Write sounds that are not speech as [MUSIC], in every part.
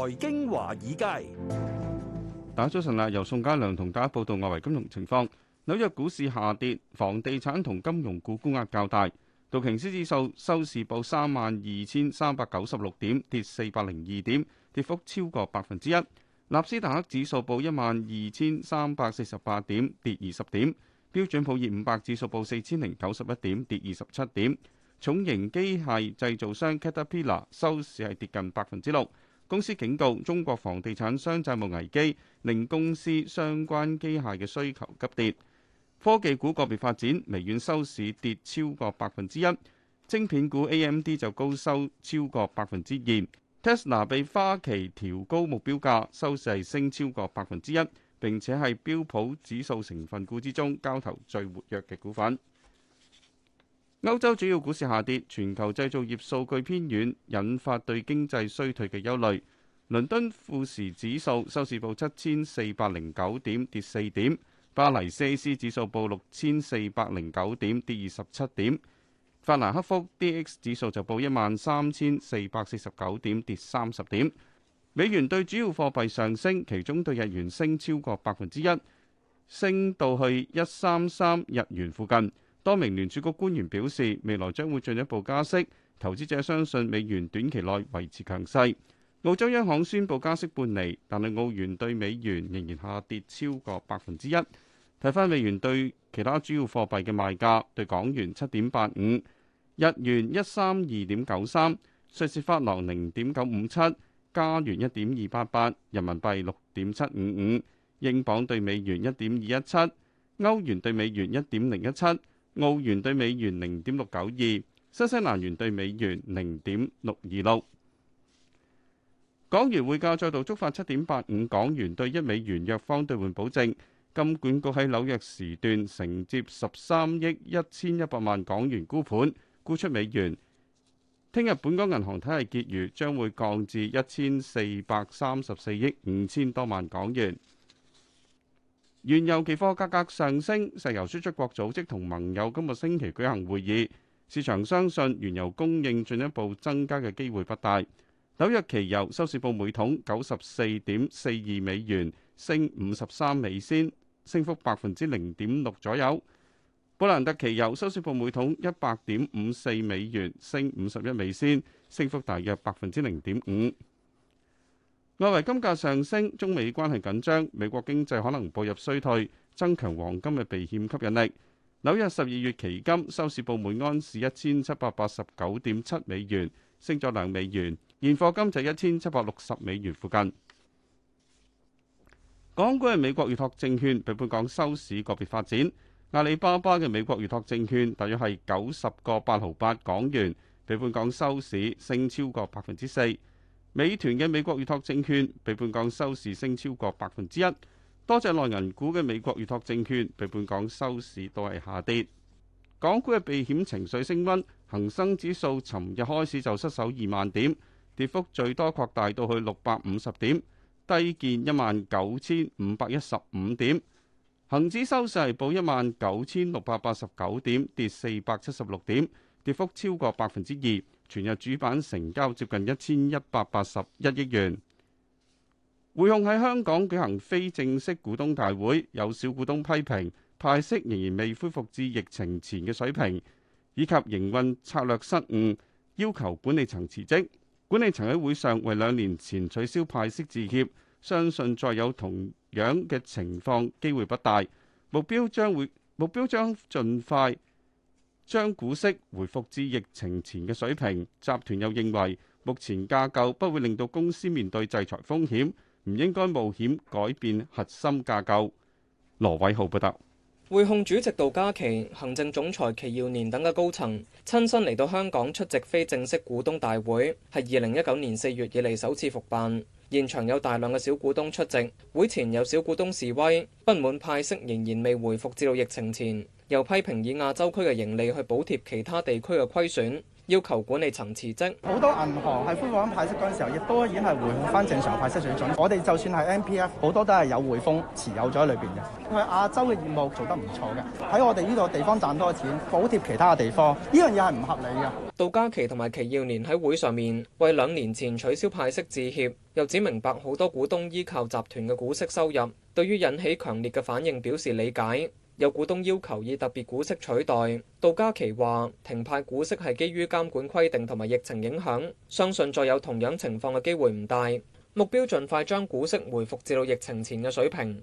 財經華爾街，大家早晨啦。由宋家良同大家報道外圍金融情況。紐約股市下跌，房地產同金融股沽壓較大。道瓊斯指數收市報三萬二千三百九十六點，跌四百零二點，跌幅超過百分之一。納斯達克指數報一萬二千三百四十八點，跌二十點。標準普爾五百指數報四千零九十一點，跌二十七點。重型機械製造商 Caterpillar 收市係跌近百分之六。公司警告，中國房地產商債務危機，令公司相關機械嘅需求急跌。科技股個別發展，微軟收市跌超過百分之一，晶片股 AMD 就高收超過百分之二。Tesla 被花旗調高目標價，收市升超過百分之一，並且係標普指數成分股之中交投最活躍嘅股份。歐洲主要股市下跌，全球製造業數據偏軟，引發對經濟衰退嘅憂慮。倫敦富時指數收市報七千四百零九點，跌四點；巴黎 CAC 指數報六千四百零九點，跌二十七點；法蘭克福 DAX 指數就報一萬三千四百四十九點，跌三十點。美元對主要貨幣上升，其中對日元升超過百分之一，升到去一三三日元附近。多名聯儲局官員表示，未來將會進一步加息。投資者相信美元短期內維持強勢。澳洲央行宣布加息半釐，但係澳元對美元仍然下跌超過百分之一。睇返美元對其他主要貨幣嘅賣價：對港元七點八五，日元一三二點九三，瑞士法郎零點九五七，加元一點二八八，人民幣六點七五五，英鎊對美元一點二一七，歐元對美元一點零一七。澳元兌美元零點六九二，新西蘭元兌美元零點六二六，港元匯價再度觸發七點八五港元對一美元弱方兌換保證。金管局喺紐約時段承接十三億一千一百萬港元沽盤，沽出美元。聽日本港銀行體系結餘將會降至一千四百三十四億五千多萬港元。原油期貨價格上升，石油輸出國組織同盟友今個星期舉行會議，市場相信原油供應進一步增加嘅機會不大。紐約期油收市報每桶九十四點四二美元，升五十三美仙，升幅百分之零點六左右。布蘭特期油收市報每桶一百點五四美元，升五十一美仙，升幅大約百分之零點五。外圍金價上升，中美關係緊張，美國經濟可能步入衰退，增強黃金嘅避險吸引力。紐約十二月期金收市報每安市一千七百八十九點七美元，升咗兩美元，現貨金就一千七百六十美元附近。港股係美國預託證券，比本港收市個別發展。阿里巴巴嘅美國預託證券大約係九十個八毫八港元，比本港收市升超過百分之四。美團嘅美國預託證券比港收市升超過百分之一，多隻內銀股嘅美國預託證券比港收市都係下跌。港股嘅避險情緒升温，恒生指數尋日開始就失守二萬點，跌幅最多擴大到去六百五十點，低見一萬九千五百一十五點。恒指收市係報一萬九千六百八十九點，跌四百七十六點，跌幅超過百分之二。全日主板成交接近一千一百八十一億元。匯控喺香港舉行非正式股東大會，有小股東批評，派息仍然未恢復至疫情前嘅水平，以及營運策略失誤，要求管理層辭職。管理層喺會上為兩年前取消派息致歉，相信再有同樣嘅情況機會不大。目標將會，目標將盡快，將股息回復至疫情前嘅水平。集團又認為，目前架構不會令到公司面對制裁風險，唔應該冒險改變核心架構。羅偉浩報道，會控主席杜嘉祺、行政總裁祁耀年等嘅高層親身嚟到香港出席非正式股東大會，係二零一九年四月以嚟首次復辦。現場有大量嘅小股東出席，會前有小股東示威，不滿派息仍然未回復至到疫情前，又批評以亞洲區嘅盈利去補貼其他地區嘅虧損。要求管理層辭職，好多銀行係恢復緊派息嗰陣時候，亦都已經係回復返正常派息水準。 [MUSIC] 我哋就算係 MPF，好多都係有匯豐持有咗喺裏邊嘅。因為亞洲嘅業務做得唔錯嘅，喺我哋呢個地方賺多錢，補貼其他嘅地方，呢樣嘢係唔合理嘅。杜嘉琪同埋祁耀年喺會上面為兩年前取消派息致歉，又指明白好多股東依靠集團嘅股息收入，對於引起強烈嘅反應表示理解。有股東要求以特別股息取代。杜嘉琪話，停派股息係基於監管規定同埋疫情影響，相信再有同樣情況嘅機會唔大。目標盡快將股息回復至到疫情前嘅水平。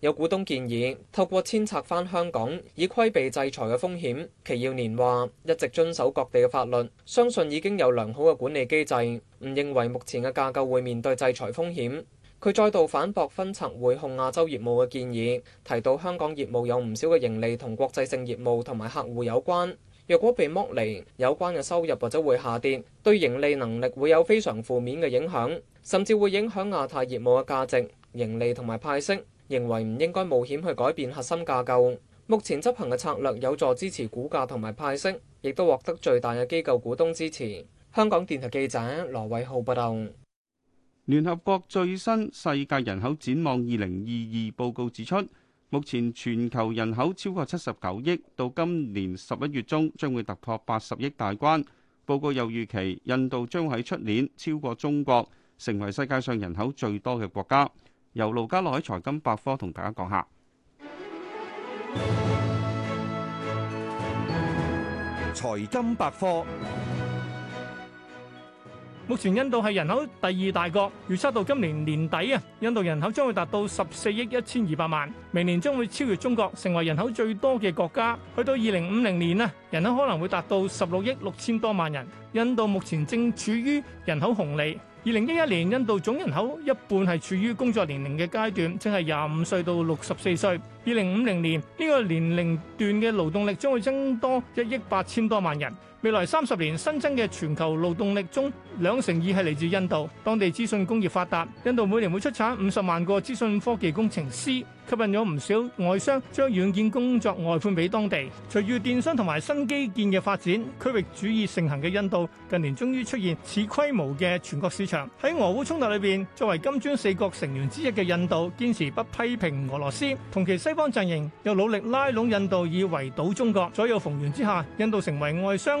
有股東建議透過遷冊返香港以規避制裁嘅風險，祁耀年話一直遵守各地嘅法律，相信已經有良好嘅管理機制，唔認為目前嘅架構會面對制裁風險。佢再度反駁分拆匯控亞洲業務嘅建議，提到香港業務有唔少嘅盈利同國際性業務同埋客戶有關，若果被剝離，有關嘅收入或者會下跌，對盈利能力會有非常負面嘅影響，甚至會影響亞太業務嘅價值、盈利同埋派息。認為唔應該冒險去改變核心架構。目前執行嘅策略有助支持股價同埋派息，亦都獲得最大嘅機構股東支持。香港電台記者羅偉浩報道。聯合國最新世界人口展望二零二二報告指出，目前全球人口超過七十九億，到今年十一月中將會突破八十億大關。報告又預期印度將喺出年超過中國，成為世界上人口最多嘅國家。由盧家樂喺財金百科同大家講下財金百科。目前印度係人口第二大國，預測到今年年底啊，印度人口將會達到十四億一千二百萬，明年將會超越中國，成為人口最多嘅國家。去到二零五零年呢，人口可能會達到十六億六千多萬人。印度目前正處於人口紅利。二零一一年，印度總人口一半係處於工作年齡嘅階段，即係廿五歲到六十四歲。二零五零年，呢個年齡段嘅勞動力將會增多一億八千多萬人。未來三十年新增嘅全球勞動力中，兩成二係嚟自印度。當地資訊工業發達，印度每年會出產五十萬個資訊科技工程師，吸引咗唔少外商將軟件工作外判俾當地。隨住電商同埋新基建嘅發展，區域主義盛行嘅印度近年終於出現此規模嘅全國市場。喺俄烏衝突裏邊，作為金磚四國成員之一嘅印度，堅持不批評俄羅斯，同期西方陣營又努力拉攏印度以圍堵中國。左右逢源之下，印度成為外商。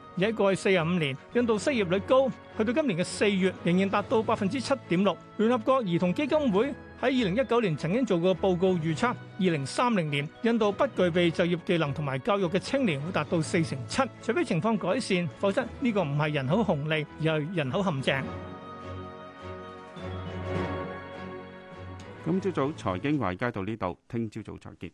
而喺過去四十五年，印度失業率高，去到今年嘅四月仍然達到百分之七點六。聯合國兒童基金會喺二零一九年曾經做過報告預測，二零三零年印度不具備就業技能同埋教育嘅青年會達到四成七。除非情況改善，否則呢個唔係人口紅利，而係人口陷阱。今朝早財經華爾街到呢度，聽朝早再見。